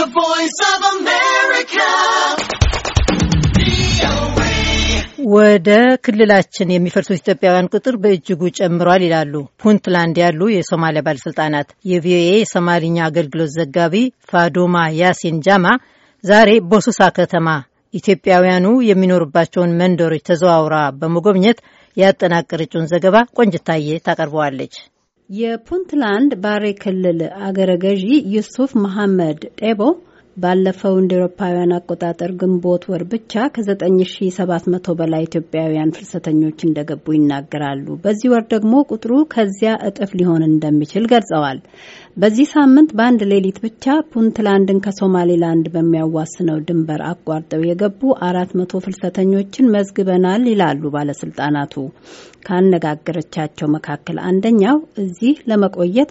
The Voice of America. ወደ ክልላችን የሚፈልሱት ኢትዮጵያውያን ቁጥር በእጅጉ ጨምሯል ይላሉ ፑንትላንድ ያሉ የሶማሊያ ባለስልጣናት። የቪኦኤ የሶማሊኛ አገልግሎት ዘጋቢ ፋዶማ ያሲን ጃማ ዛሬ በሱሳ ከተማ ኢትዮጵያውያኑ የሚኖሩባቸውን መንደሮች ተዘዋውራ በመጎብኘት ያጠናቀረችውን ዘገባ ቆንጅታዬ ታቀርበዋለች። የፑንትላንድ ባሬ ክልል አገረ ገዢ ዩሱፍ መሐመድ ጤቦ ባለፈው እንደ ኤሮፓውያን አቆጣጠር ግንቦት ወር ብቻ ከ9700 በላይ ኢትዮጵያውያን ፍልሰተኞች እንደገቡ ይናገራሉ። በዚህ ወር ደግሞ ቁጥሩ ከዚያ እጥፍ ሊሆን እንደሚችል ገልጸዋል። በዚህ ሳምንት በአንድ ሌሊት ብቻ ፑንትላንድን ከሶማሌላንድ በሚያዋስነው ድንበር አቋርጠው የገቡ 400 ፍልሰተኞችን መዝግበናል ይላሉ ባለስልጣናቱ። ካነጋገረቻቸው መካከል አንደኛው እዚህ ለመቆየት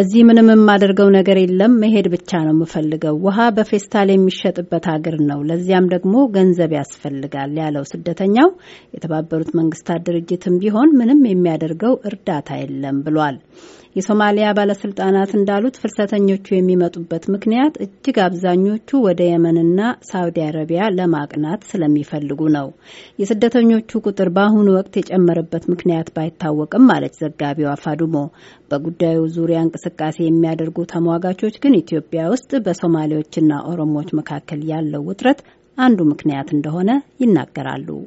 እዚህ ምንም የማደርገው ነገር የለም፣ መሄድ ብቻ ነው የምፈልገው። ውሃ በፌስታል የሚሸጥበት ሀገር ነው፣ ለዚያም ደግሞ ገንዘብ ያስፈልጋል ያለው ስደተኛው የተባበሩት መንግስታት ድርጅትም ቢሆን ምንም የሚያደርገው እርዳታ የለም ብሏል። የሶማሊያ ባለስልጣናት እንዳሉት ፍልሰተኞቹ የሚመጡበት ምክንያት እጅግ አብዛኞቹ ወደ የመንና ሳውዲ አረቢያ ለማቅናት ስለሚፈልጉ ነው። የስደተኞቹ ቁጥር በአሁኑ ወቅት የጨመረበት ምክንያት ባይታወቅም አለች ዘጋቢዋ ፋዱሞ በጉዳዩ ዙሪያ እንቅስቃሴ የሚያደርጉ ተሟጋቾች ግን ኢትዮጵያ ውስጥ በሶማሌዎችና ኦሮሞዎች መካከል ያለው ውጥረት አንዱ ምክንያት እንደሆነ ይናገራሉ።